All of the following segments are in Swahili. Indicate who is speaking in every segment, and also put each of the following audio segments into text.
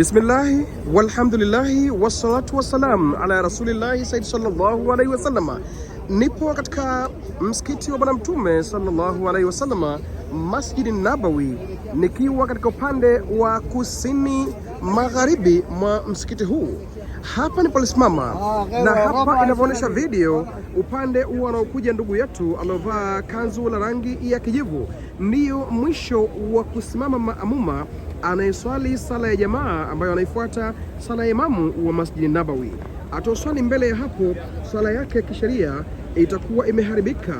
Speaker 1: Bismillahi walhamdulillahi wassalatu wassalam ala rasulillahi sayyid sallallahu alaihi wasalama. Nipo katika msikiti wa Bwana Mtume sallallahu alaihi wasallam, Masjidi Nabawi, nikiwa katika upande wa kusini magharibi mwa msikiti huu. Hapa niliposimama ah, na hapa inavyoonyesha video, upande huo anaokuja ndugu yetu aliovaa kanzu la rangi ya kijivu, ndiyo mwisho wa kusimama maamuma anayeswali sala ya jamaa ambayo anaifuata sala ya imamu wa Masjidi Nabawi. Atoswali mbele ya hapo, sala yake ya kisheria itakuwa imeharibika.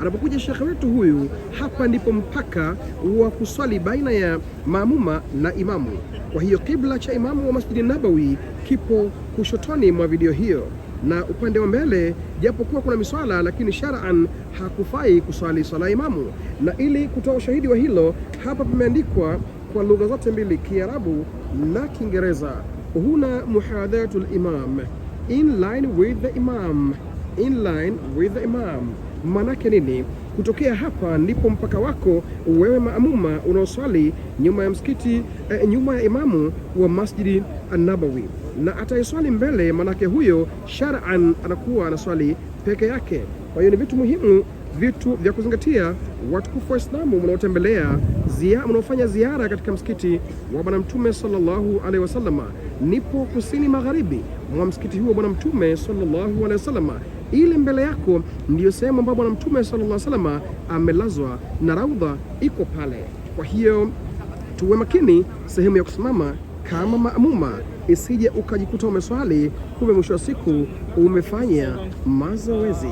Speaker 1: Anapokuja shekhe wetu huyu, hapa ndipo mpaka wa kuswali baina ya maamuma na imamu. Kwa hiyo kibla cha imamu wa Masjidi Nabawi kipo kushotoni mwa video hiyo na upande wa mbele, japokuwa kuna miswala lakini shar'an hakufai kuswali swala ya imamu. Na ili kutoa ushahidi wa hilo, hapa pameandikwa kwa lugha zote mbili, Kiarabu na Kiingereza, huna muhadharatul imam in line with the imam, in line with the imam. Maanake nini? Kutokea hapa ndipo mpaka wako wewe maamuma unaoswali nyuma ya msikiti eh, nyuma ya imamu wa Masjidi An-Nabawi na ataiswali mbele, manake huyo shar'an anakuwa anaswali peke yake. Kwa hiyo ni vitu muhimu, vitu vya kuzingatia, watukufu wa Islamu mnaotembelea zia, mnaofanya ziara katika msikiti wa Bwana Mtume sallallahu alaihi wasallama. Nipo kusini magharibi mwa msikiti huu wa Bwana Mtume sallallahu alaihi wasallama ile mbele yako ndiyo sehemu ambayo Bwana Mtume sallallahu alaihi wasallam amelazwa na raudha iko pale. Kwa hiyo tuwe makini sehemu ya kusimama kama maamuma, isije ukajikuta umeswali kumbe mwisho wa siku umefanya mazoezi.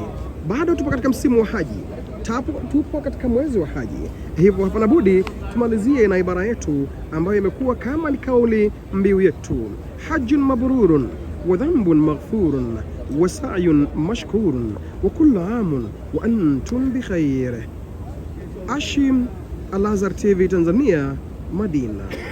Speaker 1: Bado tupo katika msimu wa haji, tupo katika mwezi wa haji, hivyo hapana budi tumalizie na ibara yetu ambayo imekuwa kama ni kauli mbiu yetu, hajjun mabrurun wa dhanbun maghfurun وسعي مشكور وكل عام وأنتم بخير عشيم عشم الأزهر تيفي تنزانيا مدينة